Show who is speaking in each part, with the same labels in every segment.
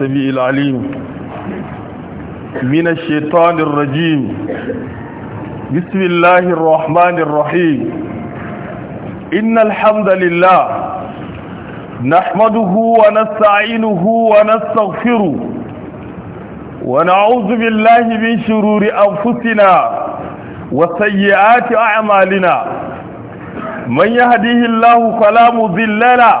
Speaker 1: السميع العليم من الشيطان الرجيم بسم الله الرحمن الرحيم إن الحمد لله نحمده ونستعينه ونستغفره ونعوذ بالله من شرور أنفسنا وسيئات أعمالنا من يهديه الله فلا مذل له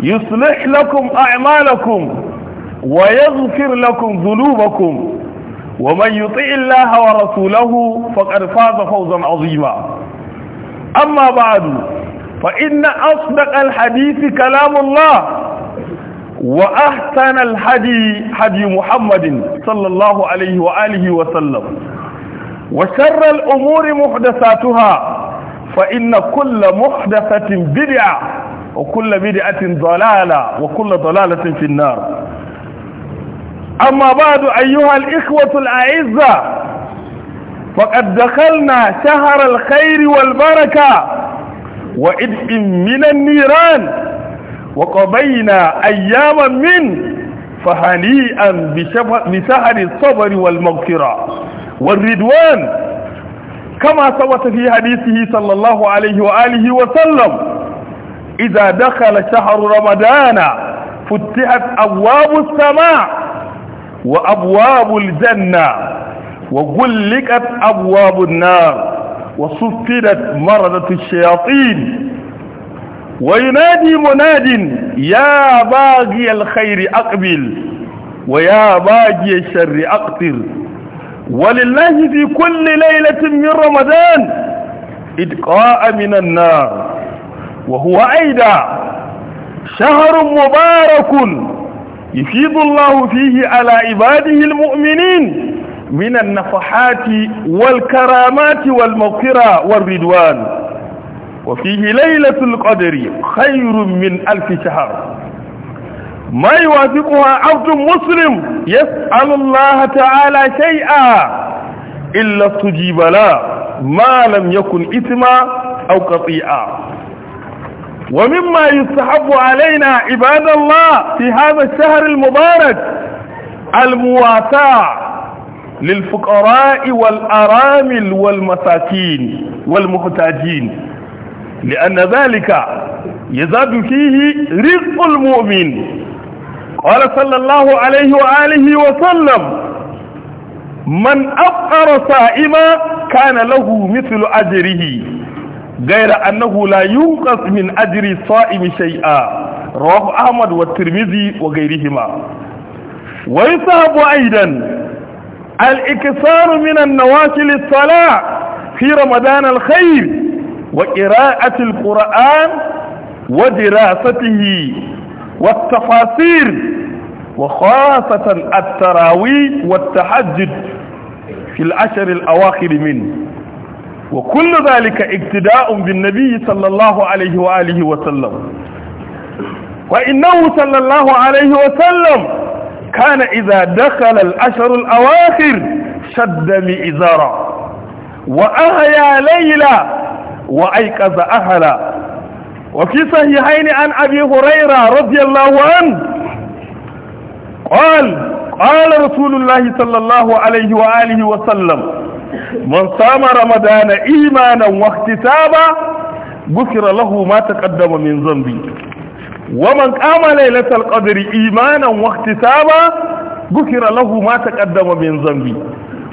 Speaker 1: يصلح لكم أعمالكم ويغفر لكم ذنوبكم ومن يطع الله ورسوله فقد فاز فوزا عظيما أما بعد فإن أصدق الحديث كلام الله وأحسن الحدي حدي محمد صلى الله عليه وآله وسلم وشر الأمور محدثاتها فإن كل محدثة بدعة وكل بدعة ضلالة وكل ضلالة في النار أما بعد أيها الإخوة الأعزة فقد دخلنا شهر الخير والبركة وإدء من النيران وقضينا أياما من فهنيئا بسهر الصبر والمغفرة والردوان كما ثبت في حديثه صلى الله عليه وآله وسلم إذا دخل شهر رمضان فتحت أبواب السماء وأبواب الجنة وغلقت أبواب النار وصفدت مرضة الشياطين وينادي مناد يا باقي الخير أقبل ويا باقي الشر أقتر ولله في كل ليلة من رمضان إدقاء من النار وهو أيضا شهر مبارك يفيض الله فيه على عباده المؤمنين من النفحات والكرامات والمغفرة والردوان وفيه ليلة القدر خير من ألف شهر ما يوافقها عبد مسلم يسأل الله تعالى شيئا إلا استجيب له ما لم يكن إثما أو قطيعا ومما يستحب علينا عباد الله في هذا الشهر المبارك المواساة للفقراء والأرامل والمساكين والمحتاجين لأن ذلك يزاد فيه رزق المؤمن قال صلى الله عليه وآله وسلم من أفقر صائما كان له مثل أجره غير أنه لا ينقص من أجر الصائم شيئا رواه أحمد والترمذي وغيرهما ويصاب أيضا الإكثار من النوافل الصلاة في رمضان الخير وقراءة القرآن ودراسته والتفاسير وخاصة التراويح والتحجد في العشر الأواخر منه وكل ذلك اقتداء بالنبي صلى الله عليه وآله وسلم وإنه صلى الله عليه وسلم كان إذا دخل الأشر الأواخر شد مئزارا وأهيا ليلا وأيقظ أهلا وفي صحيحين عن أبي هريرة رضي الله عنه قال قال رسول الله صلى الله عليه وآله وسلم من صام رمضان إيمانا واحتسابا غفر له ما تقدم من ذنبي ومن قام ليلة القدر إيمانا واحتسابا غفر له ما تقدم من ذنبي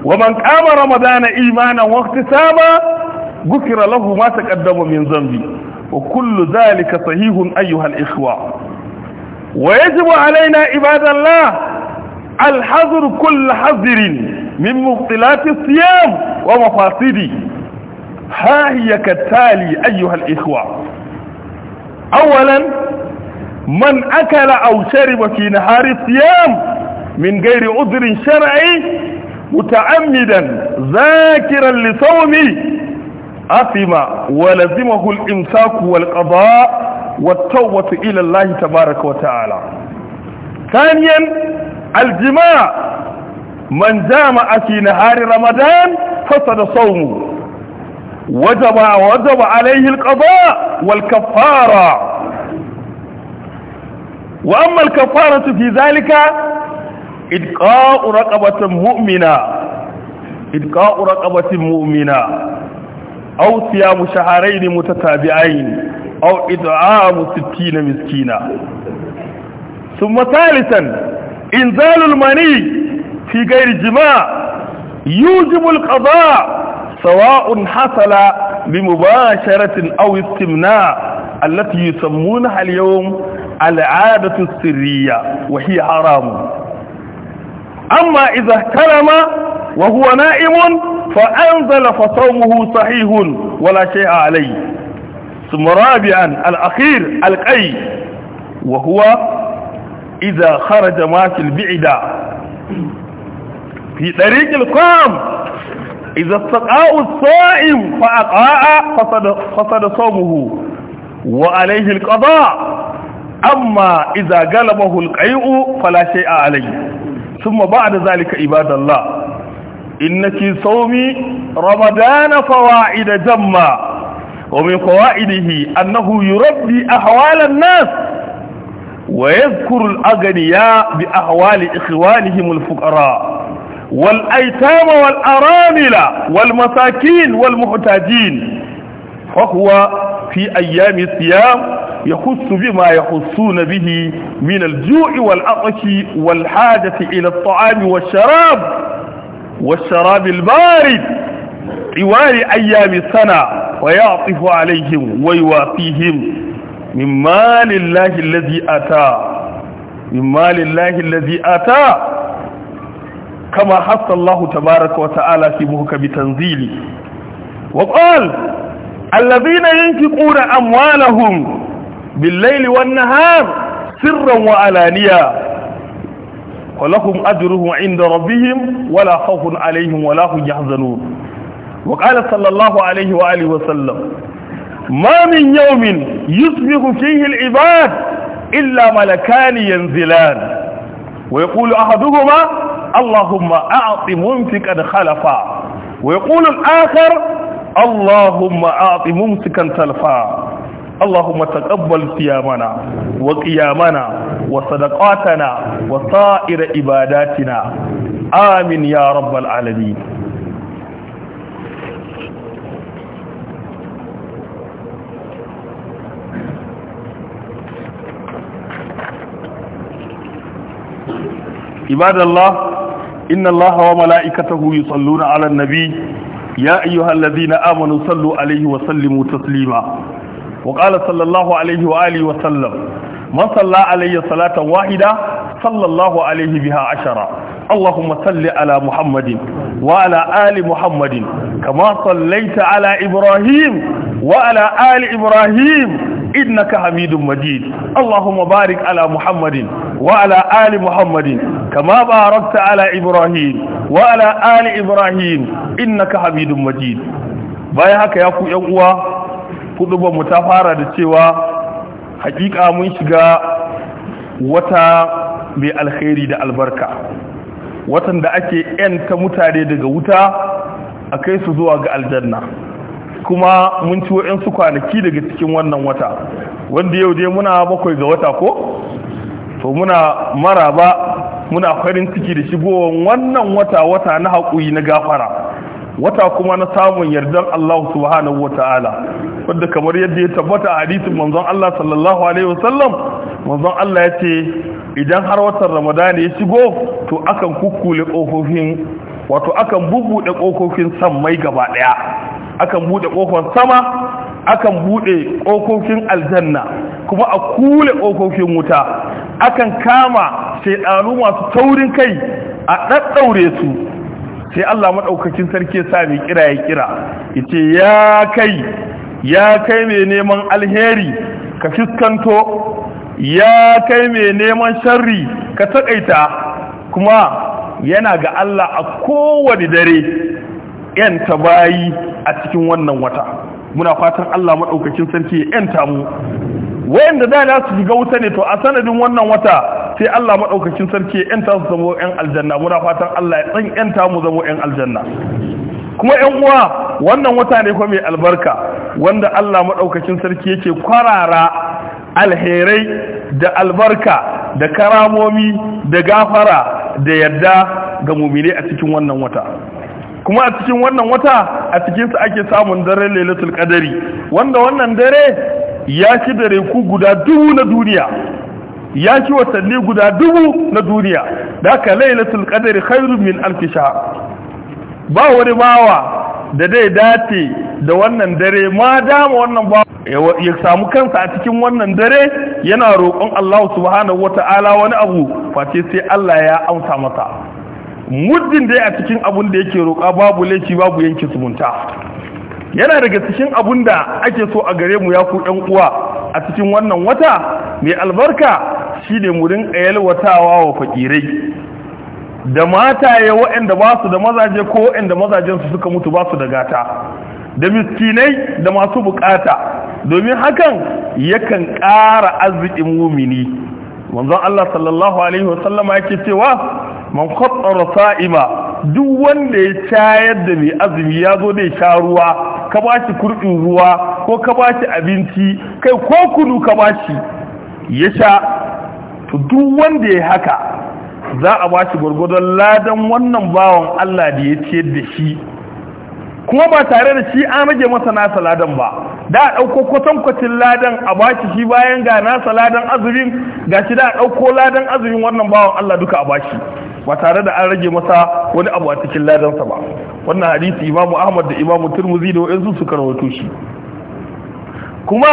Speaker 1: ومن قام رمضان إيمانا واحتسابا غفر له ما تقدم من ذنبي وكل ذلك صحيح أيها الإخوة ويجب علينا عباد الله الحذر كل حذر من مبطلات الصيام ومفاسده ها هي كالتالي أيها الإخوة أولا من أكل أو شرب في نهار الصيام من غير عذر شرعي متعمدا ذاكرا لصومه أثم ولزمه الإمساك والقضاء والتوبة إلى الله تبارك وتعالى ثانيا الجماع من جامع في نهار رمضان فسد صومه وجب وجب عليه القضاء والكفارة وأما الكفارة في ذلك إدقاء رقبة مؤمنة إدقاء رقبة مؤمنة أو صيام شهرين متتابعين أو إدعام ستين مسكينة ثم ثالثا إنزال المني في غير جماع يوجب القضاء سواء حصل بمباشرة أو استمناء التي يسمونها اليوم العادة السرية وهي حرام أما إذا احترم وهو نائم فأنزل فصومه صحيح ولا شيء عليه ثم رابعا الأخير القي وهو إذا خرج ماشي البعدة في طريق القام إذا استقاء الصائم فأقاء فصد, فصد صومه وعليه القضاء أما إذا قلبه القيء فلا شيء عليه ثم بعد ذلك عباد الله إنك صومي رمضان فوائد جمّة ومن فوائده أنه يربي أحوال الناس ويذكر الأغنياء بأحوال إخوانهم الفقراء والأيتام والأرامل والمساكين والمحتاجين فهو في أيام الصيام يخص بما يخصون به من الجوع والعطش والحاجة إلى الطعام والشراب والشراب البارد طوال أيام السنة ويعطف عليهم ويوافيهم من مال الله الذي أتى من مال الله الذي أتى كما حث الله تبارك وتعالى في محكم تنزيله وقال الذين ينفقون أموالهم بالليل والنهار سرا وعلانيا ولهم أجرهم عند ربهم ولا خوف عليهم ولا هم يحزنون وقال صلى الله عليه وآله وسلم ما من يوم يصبح فيه العباد إلا ملكان ينزلان ويقول أحدهما اللهم أعط ممسكا خلفا ويقول الآخر اللهم أعط ممسكا تلفا اللهم تقبل صيامنا وقيامنا وصدقاتنا وسائر عباداتنا آمين يا رب العالمين عباد الله إن الله وملائكته يصلون على النبي يا أيها الذين آمنوا صلوا عليه وسلموا تسليما وقال صلى الله عليه وآله وسلم من صلى عليه صلاة واحدة صلى الله عليه بها عشرة اللهم صل على محمد وعلى آل محمد كما صليت على إبراهيم وعلى آل إبراهيم innaka hamidun majid allahumma barik ala muhammadin wa ala ali muhammadin kama barakta ala ibrahim wa ala ali ibrahim innaka hamidun majid bayan haka ya ku yan uwa ba mu ta fara da cewa hakika mun shiga wata mai alkhairi da albarka watan da ake yanta mutane daga wuta a kai su zuwa ga aljanna kuma mun ci su kwanaki daga cikin wannan wata wanda yau dai muna bakwai ga wata ko to muna mara ba. muna farin ciki da shigowar wannan wata wata na haƙuri na gafara wata kuma na samun yardar Allah subhanahu wa ta'ala wadda kamar yadda ya tabbata a hadisin manzon Allah sallallahu alaihi wasallam manzon Allah ya ce idan har watan ramadani ya shigo to akan kukkule kofofin wato akan bubuɗe kofofin sammai gaba ɗaya akan bude kofar sama akan bude kokokin aljanna kuma a kule kokokin wuta akan kama shaidanu masu taurin kai a daddaure su sai Allah madaukakin sarki ya sa mai kira ya kira yace ya kai ya kai mai neman alheri ka fiskanto ya kai mai neman sharri ka takaita kuma yana ga Allah a kowane dare yan ta bayi a cikin wannan wata muna fatan Allah maɗaukakin sarki ya yanta mu wayanda da za su shiga wuta ne to a sanadin wannan wata sai Allah maɗaukakin sarki ya yanta su zama ƴan aljanna muna fatan Allah ya ɗan yanta mu zama yan aljanna kuma yan uwa wannan wata ne kuma mai albarka wanda Allah maɗaukakin sarki yake kwarara alherai da albarka da karamomi da gafara da yadda ga mumine a cikin wannan wata kuma a cikin wannan wata a cikinsa ake samun dare lailatul qadari wanda wannan dare ya ci dare ku guda dubu na duniya ya ci watanni guda dubu na duniya da haka lailatul qadari khairu min alf ba wani bawa da dai dace da wannan dare ma dama wannan bawa ya samu kansa a cikin wannan dare yana roƙon Allah subhanahu wata'ala wani abu face sai Allah ya amsa masa muddin dai a cikin abun da yake roƙa babu laifi babu yanke zumunta yana daga cikin abun da ake so a gare mu ya ku ɗan uwa a cikin wannan wata mai albarka shi ne mu rinƙa yalwatawa wa fakirai da mataye waɗanda ba su da mazaje ko mazajen su suka mutu ba su da gata da miskinai da masu bukata domin hakan yakan ƙara arzikin mumini manzon Allah sallallahu alaihi wasallama yake cewa man kwatsara sa'ima duk wanda ya cayar da mai azumi ya zo da ya ruwa ka ba shi kurɗin ruwa ko ka ba shi abinci kai ko kunu ka ba shi ya sha to duk wanda ya haka za a ba shi gwargwadon ladan wannan bawan Allah da ya ciyar da shi kuma ba tare da shi an rage masa nasa ladan ba da a ɗauko kwatankwacin ladan a bashi shi bayan ga nasa ladan azumin ga shi da a ɗauko ladan azumin wannan bawan Allah duka a bashi ba tare da an rage masa wani abu a cikin ladansa ba wannan hadisi imamu ahmad da imamu turmuzi da su suka rawaito shi kuma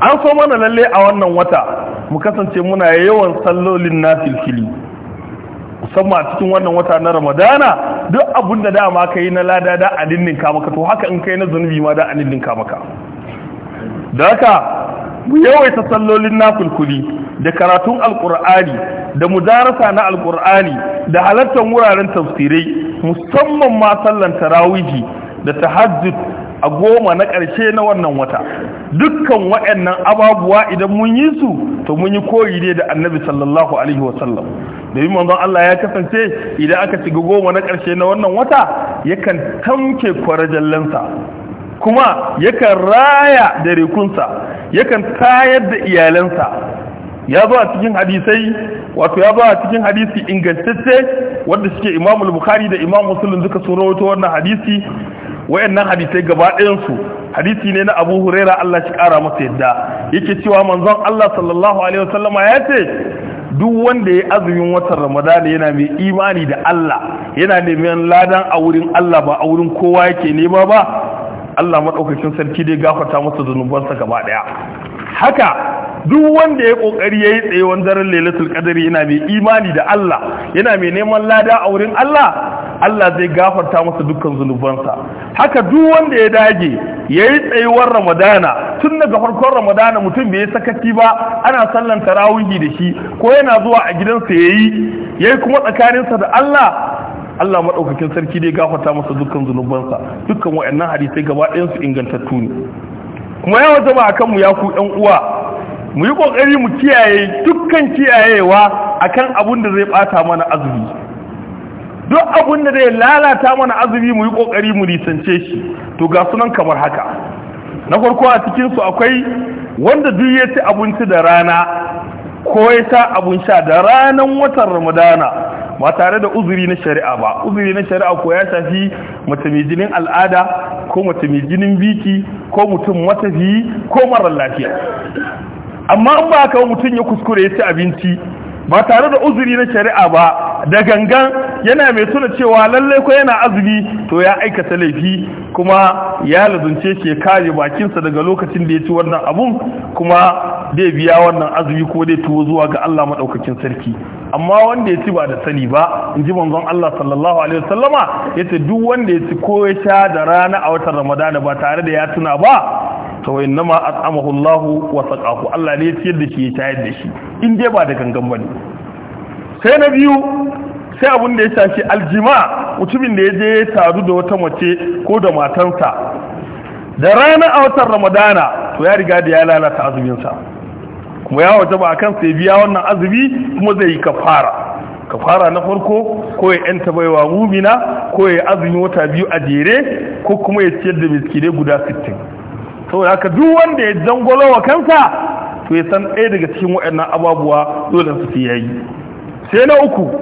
Speaker 1: an so mana lalle a wannan wata mu kasance muna yawan sallolin na filfili musamman a cikin wannan wata na ramadana duk abun da dama ka yi na lada da a ninninka maka to haka in kai na zunubi ma da a ninninka maka da haka mu yawaita sallolin na filfili da karatun alkur'ani da mudarasa na alkur'ani da halartar wuraren tafsirai musamman ma sallan tarawihi da tahajjud a goma na ƙarshe na wannan wata dukkan waɗannan ababuwa idan mun yi su to mun yi koyi ne da annabi sallallahu alaihi wasallam domin manzon Allah ya kasance idan aka shiga goma na ƙarshe na wannan wata yakan tamke kwarajallansa kuma yakan raya da rekunsa yakan tayar da iyalansa ya zo a cikin hadisai wato ya ba a cikin hadisi ingantacce wanda suke imamul bukhari da imam muslim suka sun rawaito wannan hadisi wayannan hadisai gaba ɗayan su hadisi ne na abu huraira allah shi ƙara masa yadda yake cewa manzon allah sallallahu alaihi wasallama ya ce duk wanda ya azumin watan ramadana yana mai imani da allah yana neman ladan a wurin allah ba a wurin kowa yake nema ba allah maɗaukakin sarki dai gafarta masa zunubansa gaba ɗaya haka duk wanda ya kokari yayi tsayuwar daren lailatul qadari yana mai imani da Allah yana mai neman lada a wurin Allah Allah zai gafarta masa dukkan zunubansa haka duk wanda ya dage yayi tsayuwar Ramadana tun daga farkon Ramadana mutum bai sakaci ba ana sallan tarawihi da shi ko yana zuwa a gidansa yayi yayi kuma tsakaninsa da Allah Allah maɗaukakin sarki dai gafarta masa dukkan zunubansa dukkan waɗannan hadisai gaba ɗayan su ingantattu ne kuma yawan jama'a kanmu ya ku ƴan uwa mu yi ƙoƙari mu kiyaye dukkan kiyayewa akan abun da zai bata mana azumi duk abun da zai lalata mana azumi mu yi kokari mu nisance shi to ga sunan kamar haka na farko a cikin su akwai wanda duk ya ci abinci da rana ko ya sa abun sha da ranan watan ramadana ba tare da uzuri na shari'a ba uzuri na shari'a ko ya shafi mace mai al'ada ko mace mai jinin biki ko mutum matafi ko marar lafiya amma in ba ka mutum ya kuskure ya ci abinci ba tare da uzuri na shari'a ba da gangan yana mai tuna cewa lallai ko yana azumi to ya aikata laifi kuma ya lazunce shi ya kare bakinsa daga lokacin da ya ci wannan abun kuma zai biya wannan azumi ko dai tuwo zuwa ga Allah maɗaukakin sarki amma wanda ya ci ba da sani ba in ji manzon Allah sallallahu alaihi wasallama yace duk wanda ya ci ko ya sha da rana a watan Ramadana ba tare da ya tuna ba kawai nama at'amahu Allah wa saqahu Allah ne ya ciyar da shi ya tayar da shi in dai ba da gangan bane sai na biyu sai abin da ya shafi aljima mutumin da ya je ya taru da wata mace ko da matansa da rana a watan ramadana to ya riga da ya lalata azuminsa kuma ya waje ba a kan sai biya wannan azumi kuma zai yi kafara kafara na farko ko ya yanta baiwa mumina ko ya azumi wata biyu a jere ko kuma ya ciyar da miskinai guda sittin saboda haka duk wanda ya jangolo wa kansa to ya san ɗaya daga cikin waɗannan ababuwa dole su yi. sai na uku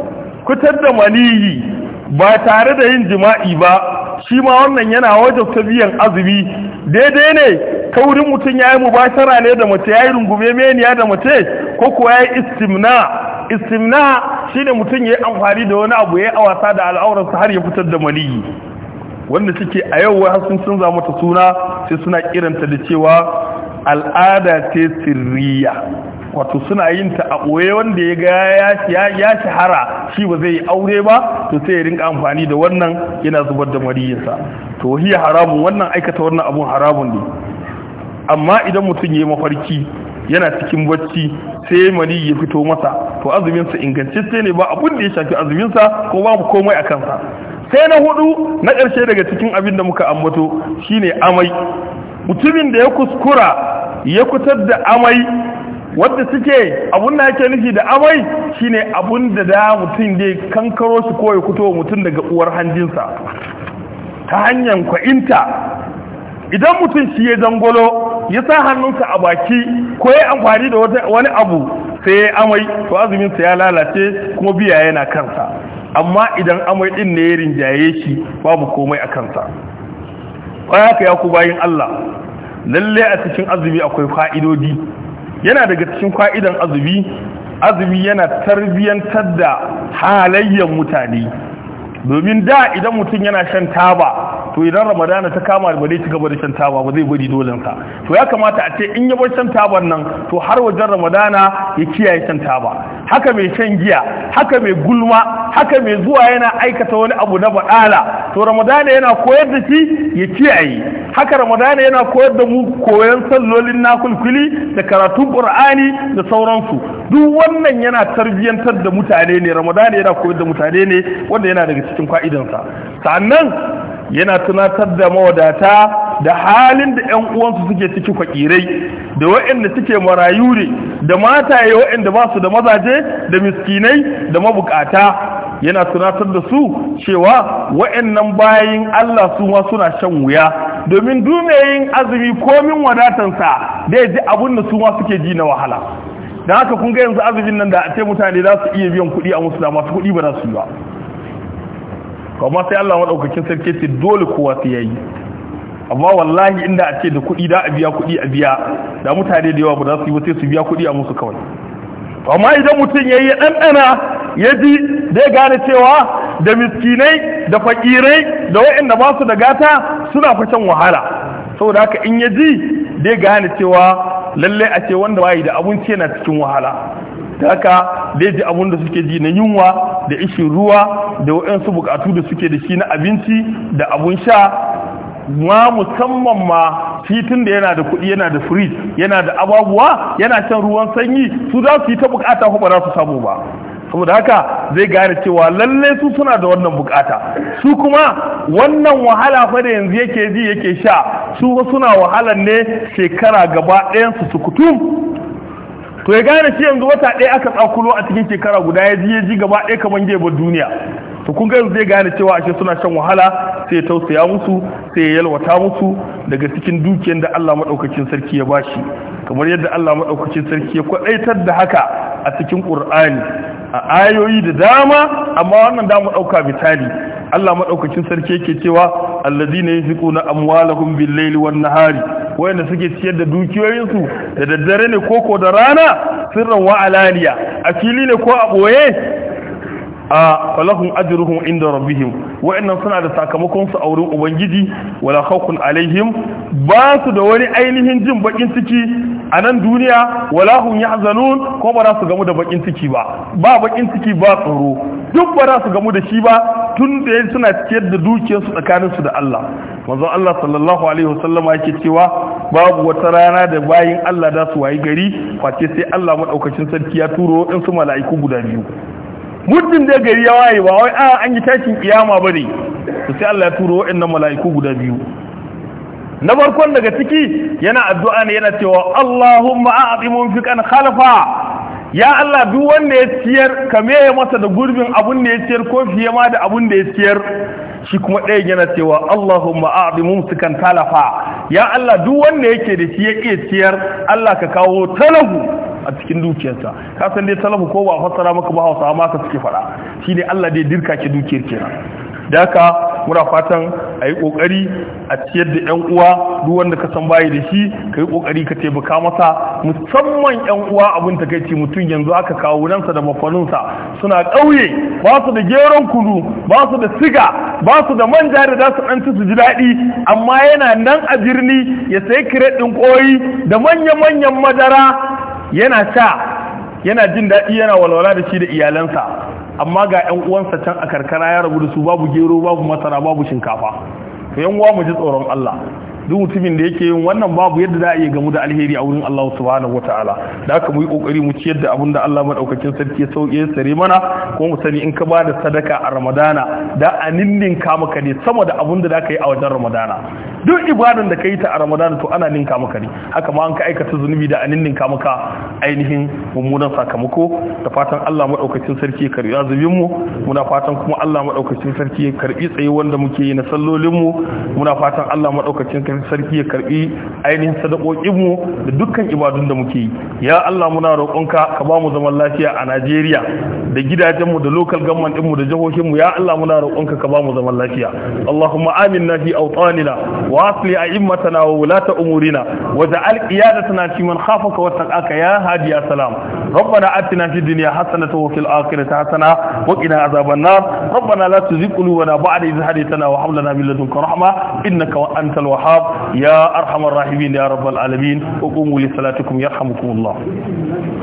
Speaker 1: kutar da maniyi ba tare da yin jima'i ba shi ma wannan yana wajen ta biyan azumi daidai ne ta wurin mutum ya yi mubashara ne da mace ya yi rungume meniya da mace ko kuwa ya yi istimna istimna shi ne mutum ya yi amfani da wani abu ya yi a wasa da al'aurarsa har ya fitar da maniyi wanda suke a yau wai sun canza mata suna sai suna kiranta da cewa al'ada ce sirriya wato suna yin ta a ɓoye wanda ya ga ya shahara shi ba zai yi aure ba to sai ya rinka amfani da wannan yana zubar da mariyarsa to hiya haramun wannan aikata wannan abun haramun ne amma idan mutum ya yi mafarki yana cikin bacci sai mani ya fito masa to azuminsa ingantacce ne ba abun da ya shafi azuminsa ko babu komai a kansa sai na hudu na ƙarshe daga cikin abin da muka ambato shine amai mutumin da ya kuskura ya kutar da amai wadda suke abun da yake nufi da amai shine abun da da mutum ya kankaro shi ko ya kuto mutum daga uwar hanjinsa ta hanyar kwa'inta idan mutum shi ya zangolo ya sa hannunsa a baki ko ya amfani da wani abu sai ya amai to azuminsa ya lalace kuma biya yana kansa amma idan amai din ne ya rinjaye shi babu komai a kansa kwaya haka ya ku bayin Allah lalle a cikin azumi akwai fa'idodi yana daga cikin fa'idan azumi azumi yana tarbiyantar da halayyar mutane domin da idan mutum yana shan taba to idan ramadana ta kama ba zai ci gaba da shan taba ba zai bari dolin sa to ya kamata a ce in ya bar shan tabar nan to har wajen ramadana ya kiyaye shan taba haka mai shan giya haka mai gulma haka mai zuwa yana aikata wani abu na baɗala to ramadana yana koyar da shi ya kiyaye haka ramadana yana koyar da mu koyan sallolin nakulkuli da karatun qur'ani da sauransu duk wannan yana tarbiyyantar da mutane ne ramadana yana koyar da mutane ne wanda yana daga cikin fa'idansa sannan yana tunatar da mawadata da halin da ƴan uwansu suke ciki fakirai da waɗanda suke marayu ne da mataye waɗanda ba su da mazaje da miskinai da mabukata yana tunatar da su cewa waɗannan bayin Allah su ma suna shan wuya domin dumeyin azumi komin wadatansa da ya ji abin da su ma suke ji na wahala da haka kun ga yanzu azumin nan da a ce mutane za su iya biyan kuɗi a musu da masu kuɗi ba za su yi ba amma sai Allah madaukakin sarki ce dole kowa sai yayi amma wallahi inda a ce da kuɗi da a biya kuɗi a biya da mutane da yawa ba za su yi ba sai su biya kuɗi a musu kawai amma idan mutum yayi ya ɗanɗana ya ji zai gane cewa da miskinai da fakirai da waɗanda ba su da gata suna fashin wahala saboda haka in ya ji zai gane cewa lallai a ce wanda bayi da abinci yana cikin wahala da haka zai ji abun da suke ji na yunwa da ishin ruwa da waɗansu bukatu da suke da shi na abinci da abun sha ma musamman ma titin da yana da kuɗi yana da firij yana da ababuwa yana shan ruwan sanyi su za su yi ta bukata ko ba za su samu ba saboda haka zai gane cewa lalle su suna da wannan bukata su kuma wannan wahala fa da yanzu yake ji yake sha su suna wahalan ne shekara gaba ɗayan su sukutum to ya gane shi yanzu wata ɗaya aka tsakulo a cikin shekara guda ya ji ya ji gaba ɗaya kamar gebe duniya to kun yanzu zai gane cewa ashe suna shan wahala sai ya tausaya musu sai ya yalwata musu daga cikin dukiyar da Allah madaukakin sarki ya bashi kamar yadda Allah madaukakin sarki ya kwadaitar da haka a cikin Qur'ani a ayoyi da dama amma wannan da mu dauka misali Allah madaukakin sarki yake cewa alladhina yunfiquna amwalahum bil-laili wan-nahari wayanda suke ciyar da dukiyoyinsu da daddare ne ko ko da rana sirran wa alaniya a fili ne ko a boye a falakun ajruhum inda rabbihim wayannan suna da sakamakon su a wurin ubangiji wala khawfun alaihim ba su da wani ainihin jin bakin ciki a nan duniya wala hum yahzanun ko ba za su gamu da bakin ciki ba ba bakin ciki ba tsoro duk ba za su gamu da shi ba tun da yin suna ciyar da dukiyarsu tsakaninsu da Allah manzo Allah sallallahu alaihi wasallam yake cewa babu wata rana da bayin Allah da su wayi gari face sai Allah madaukakin sarki ya turo in su mala'iku guda biyu muddin da gari ya waye ba wai a an yi tashin kiyama bane to sai Allah ya turo waɗannan mala'iku guda biyu na farkon daga ciki yana addu'a ne yana cewa Allahumma a'ti munfiqan khalifa. ya Allah duk wanda ya ciyar ka meye masa da gurbin abun da ya ciyar ko fiye ma da abun da ya ciyar shi kuma ɗaya yana cewa Allahumma a'di mumsikan talafa ya Allah duk wanda yake da shi yake ciyar Allah ka kawo talahu a cikin dukiyarsa ka san dai talahu ko ba fassara maka ba Hausa amma ka suke fara shine Allah dai dirka ki dukiyar kenan daka muna fatan a yi kokari a ciyar da yan uwa duk wanda ka san bayi da shi ka yi kokari ka taimaka masa musamman yan uwa abin ta kai mutum yanzu aka kawo nansa da mafaninsa suna ƙauye ba su da geron kunu ba su da siga ba su da manja da za su ɗan ci su ji daɗi amma yana nan a birni ya sayi kiret ɗin koyi da manya-manyan madara yana sha yana jin daɗi yana walwala da shi da iyalansa amma ga yan uwansa can a karkara ya rabu da su babu gero babu masara babu shinkafa yan uwa mu ji tsoron Allah duk mutumin da yake yin wannan babu yadda za a yi gamu da alheri a wurin Allah subhanahu wataala da haka mu yi kokari mu ciyar da abin da Allah madaukakin sarki ya sauke sare mana ko mu sani in ka ba da sadaka a Ramadana da a ninninka maka ne sama da abin da za ka yi a wajen Ramadana duk ibadan da ka yi ta a Ramadana to ana ninka maka ne haka ma an ka aikata zunubi da a ninninka maka ainihin mummunan sakamako da fatan Allah madaukakin sarki ya karbi azumin mu muna fatan kuma Allah madaukakin sarki ya karbi tsaye wanda muke yi na sallolin mu muna fatan Allah madaukakin sarki ya karbi ainihin sadakokin mu da dukkan ibadun da muke yi ya Allah muna roƙonka ka ba mu zaman lafiya a Najeriya da gidajen mu da local government din mu da jihohin mu ya Allah muna roƙonka ka ba mu zaman lafiya Allahumma aminna fi awtanina wa asli a'immatana wa wulata umurina wa ja'al qiyadatana fi man khafaka wa taqaka ya hadi ya salam ربنا آتنا في الدنيا حسنة وفي الآخرة حسنة وقنا عذاب النار ربنا لا تزغ قلوبنا بعد إذ هديتنا وهب لنا من لدنك رحمة إنك أنت الوهاب يا أرحم الراحمين يا رب العالمين وقوموا لصلاتكم يرحمكم الله